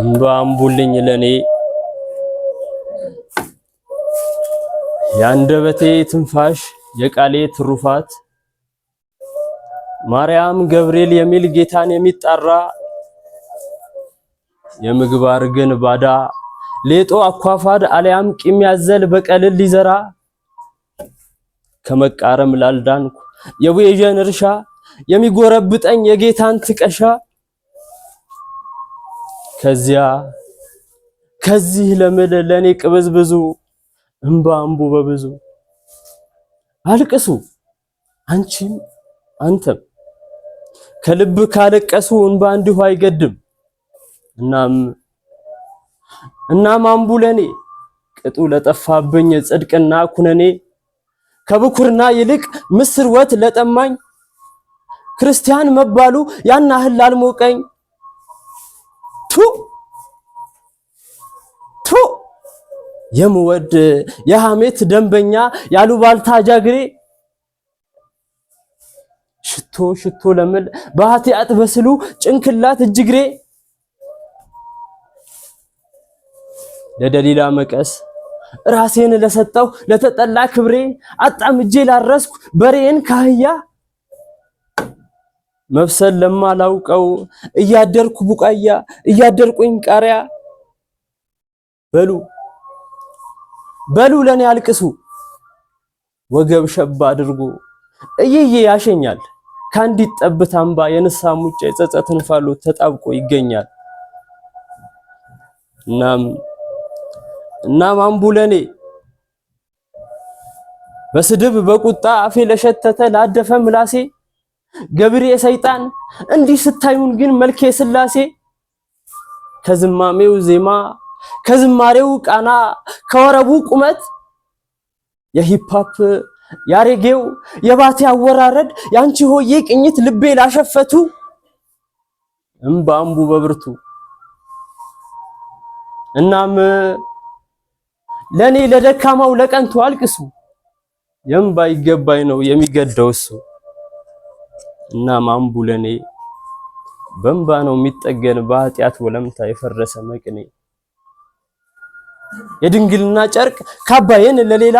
እንዶ አንቡልኝ ለኔ የአንደበቴ ትንፋሽ የቃሌ ትሩፋት ማርያም ገብርኤል የሚል ጌታን የሚጣራ የምግባር ግን ባዳ ሌጦ አኳፋድ አልያም ቂም ያዘል በቀልል ሊዘራ ከመቃረም ላልዳንኩ የቡኤዥን እርሻ የሚጎረብጠኝ የጌታን ትቀሻ ከዚያ ከዚህ ለምል ለኔ ቅብዝብዙ ብዙ እምቡ በብዙ አልቅሱ አንቺም አንተም ከልብ ካለቀሱ እንባ እንዲሁ አይገድም። እናም እናም አምቡ ለኔ ቅጡ ለጠፋብኝ ጽድቅና ኩነኔ ከብኩርና ይልቅ ምስር ወት ለጠማኝ ክርስቲያን መባሉ ያን ያህል አልሞቀኝ። ቱ ቱ የምወድ የሐሜት ደንበኛ ያሉባልታ ጃግሪ ሽቶ ሽቶ ለምል ባህቲ አጥበስሉ ጭንክላት እጅግሬ ለደሊላ መቀስ ራሴን ለሰጠው ለተጠላ ክብሬ አጣምጄ ላረስኩ በሬን ካህያ መብሰል ለማላውቀው እያደርኩ ቡቃያ እያደርቁኝ ቃሪያ በሉ በሉ ለኔ አልቅሱ ወገብ ሸባ አድርጎ እይዬ ያሸኛል ከአንዲት ጠብታ እንባ የንሳ ሙጫ የጸጸት እንፋሎት ተጣብቆ ይገኛል። እናም እናም አምቡ ለኔ በስድብ በቁጣ አፌ ለሸተተ ላደፈ ምላሴ ገብሬ ሰይጣን እንዲህ ስታዩን ግን መልኬ ስላሴ ከዝማሜው ዜማ ከዝማሬው ቃና ከወረቡ ቁመት የሂፓፕ ያሬጌው የባቴ አወራረድ ያንቺ ሆዬ ቅኝት ልቤ ላሸፈቱ እምባ በብርቱ እናም ለኔ ለደካማው ለቀንቱ አልቅሱ የምባ ይገባኝ ነው የሚገደው እሱ። እና ማምቡለኔ በእንባ ነው የሚጠገን በኃጢአት ወለምታ የፈረሰ መቅኔ የድንግልና ጨርቅ ካባዬን ለሌላ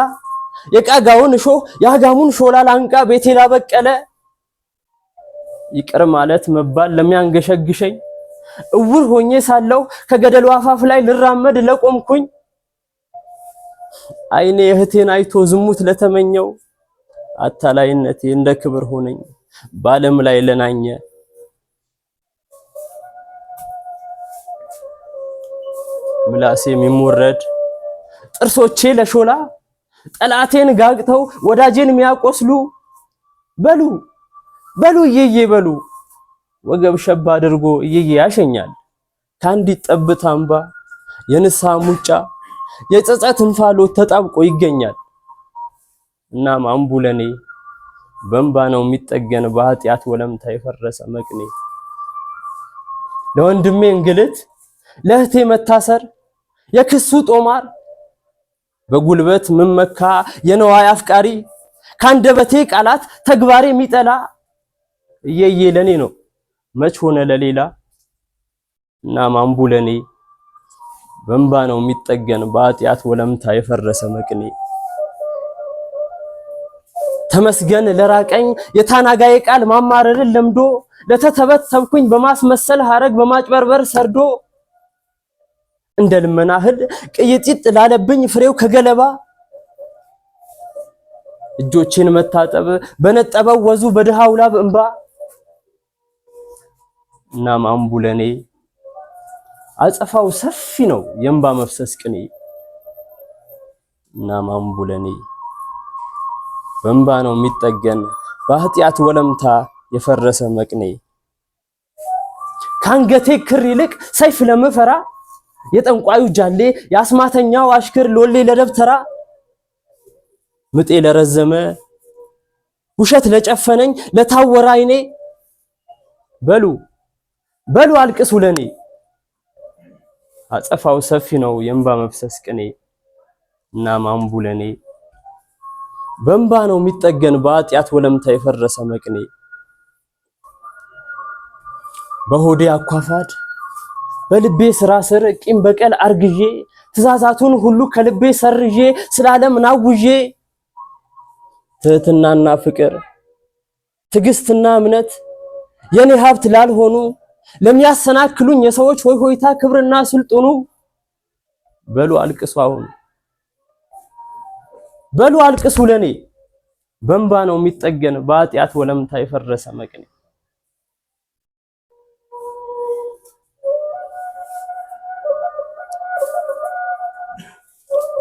የቃጋውን እሾህ የአጋሙን ሾላ ላንቃ ቤቴ ላበቀለ ይቅር ማለት መባል ለሚያንገሸግሸኝ እውር ሆኜ ሳለሁ ከገደሉ አፋፍ ላይ ልራመድ ለቆምኩኝ አይኔ እህቴን አይቶ ዝሙት ለተመኘው አታላይነቴ እንደ ክብር ሆነኝ። በዓለም ላይ ለናኘ ምላሴ የሚሞረድ ጥርሶቼ ለሾላ ጠላቴን ጋግተው ወዳጄን የሚያቆስሉ በሉ በሉ እየዬ በሉ ወገብ ሸባ አድርጎ እየዬ ያሸኛል ከአንዲት ጠብታ አምባ የንስሐ ሙጫ የጸጸት እንፋሎት ተጣብቆ ይገኛል። እናም ለኔ። በእንባ ነው የሚጠገን በኃጢአት ወለምታ የፈረሰ መቅኔ። ለወንድሜ እንግልት ለእህቴ መታሰር የክሱ ጦማር በጉልበት ምመካ የነዋይ አፍቃሪ ካንደበቴ ቃላት ተግባሬ የሚጠላ እየዬ ለኔ ነው መች ሆነ ለሌላ እና ማንቡ ለኔ በእንባ ነው የሚጠገን በኃጢአት ወለምታ የፈረሰ መቅኔ ተመስገን ለራቀኝ የታናጋዬ ቃል ማማረርን ለምዶ ለተተበት ሰብኩኝ በማስመሰል ሀረግ በማጭበርበር ሰርዶ እንደ ልመና እህል ቅይጢጥ ላለብኝ ፍሬው ከገለባ እጆችን መታጠብ በነጠበው ወዙ በድሃው ላብ እንባ እናም አምቡለኔ አጸፋው ሰፊ ነው የእንባ መፍሰስ ቅኔ እናም በእንባ ነው የሚጠገን በኃጢአት ወለምታ የፈረሰ መቅኔ ከአንገቴ ክር ይልቅ ሰይፍ ለመፈራ የጠንቋዩ ጃሌ የአስማተኛው አሽክር ሎሌ ለደብተራ ምጤ ለረዘመ ውሸት ለጨፈነኝ ለታወረ አይኔ በሉ በሉ አልቅሱ ለኔ አጸፋው ሰፊ ነው የእንባ መፍሰስ ቅኔ እና ማንቡ ለኔ በእንባ ነው የሚጠገን በኃጢአት ወለምታ የፈረሰ መቅኔ በሆዴ አኳፋድ በልቤ ስራ ስር ቂም በቀል አርግዤ ትእዛዛቱን ሁሉ ከልቤ ሰርዤ ስላለም ናውዤ ትህትናና ፍቅር ትዕግስትና እምነት የኔ ሀብት ላልሆኑ ለሚያሰናክሉኝ የሰዎች ሆይ ሆይታ ክብርና ስልጡኑ በሉ አልቅሱ አሁን በሉ አልቅሱ ለኔ በእንባ ነው የሚጠገን በኃጢአት ወለምታ የፈረሰ መቅኔ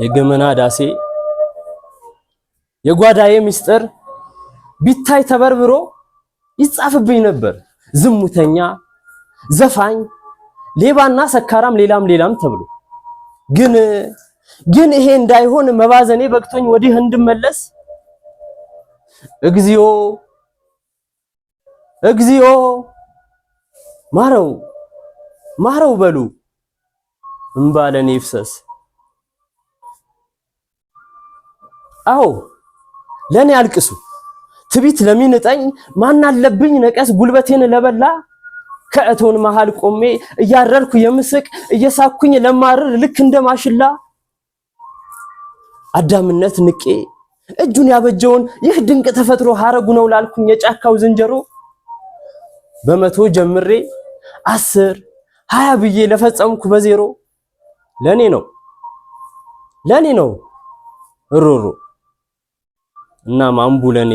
የገመና ዳሴ የጓዳዬ ምስጢር ቢታይ ተበርብሮ ይጻፍብኝ ነበር ዝሙተኛ ዘፋኝ ሌባና ሰካራም ሌላም ሌላም ተብሎ ግን ግን ይሄ እንዳይሆን መባዘኔ በቅቶኝ ወዲህ እንድመለስ እግዚኦ እግዚኦ ማረው ማረው በሉ እምባ ለኔ ይፍሰስ። አዎ ለኔ አልቅሱ። ትቢት ለሚንጠኝ ማን አለብኝ ነቀስ ጉልበቴን ለበላ ከእቶን መሃል ቆሜ እያረርኩ የምስቅ እየሳኩኝ ለማርር ልክ እንደማሽላ አዳምነት ንቄ እጁን ያበጀውን ይህ ድንቅ ተፈጥሮ ሀረጉ ነው ላልኩኝ የጫካው ዝንጀሮ በመቶ ጀምሬ አስር ሀያ ብዬ ለፈጸምኩ በዜሮ ለኔ ነው ለኔ ነው እሮሮ እናም አምቡ ለኔ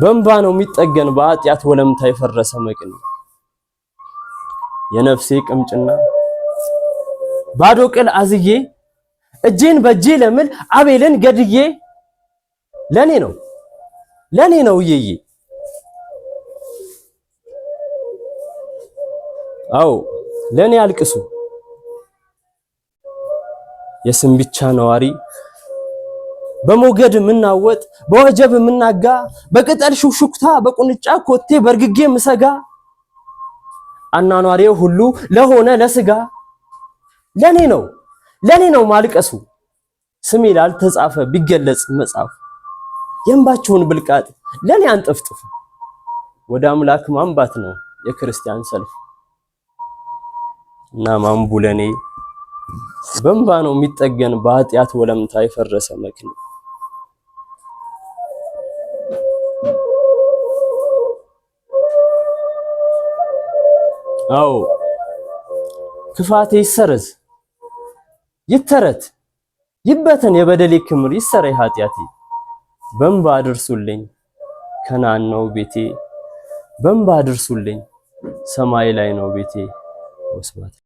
በእንባ ነው የሚጠገን በአጢአት ወለምታ የፈረሰ መቅኔ የነፍሴ ቅምጭና ባዶ ቅል አዝዬ እጄን በእጄ ለምል አቤልን ገድዬ ለኔ ነው ለኔ ነው እየዬ አው ለኔ አልቅሱ። የስም ብቻ ነዋሪ በሞገድ የምናወጥ በወጀብ የምናጋ በቅጠል ሹክሹክታ በቁንጫ ኮቴ በርግጌ ምሰጋ አናኗሪው ሁሉ ለሆነ ለስጋ ለኔ ነው ለኔ ነው ማልቀሱ ስሜ ላልተጻፈ ቢገለጽ መጽሐፍ የእንባችሁን ብልቃጥ ለኔ አንጠፍጥፉ። ወደ አምላክ ማንባት ነው የክርስቲያን ሰልፍ እና ማንቡ ለኔ በእንባ ነው የሚጠገን በኃጢአት ወለምታ የፈረሰ መክን አዎ ክፋቴ ይሰረዝ ይተረት ይበተን የበደሌ ክምር ይሰረይ ኃጢአቴ በእንባ አድርሱልኝ ከናን ነው ቤቴ በእንባ አድርሱልኝ ሰማይ ላይ ነው ቤቴ ወስባት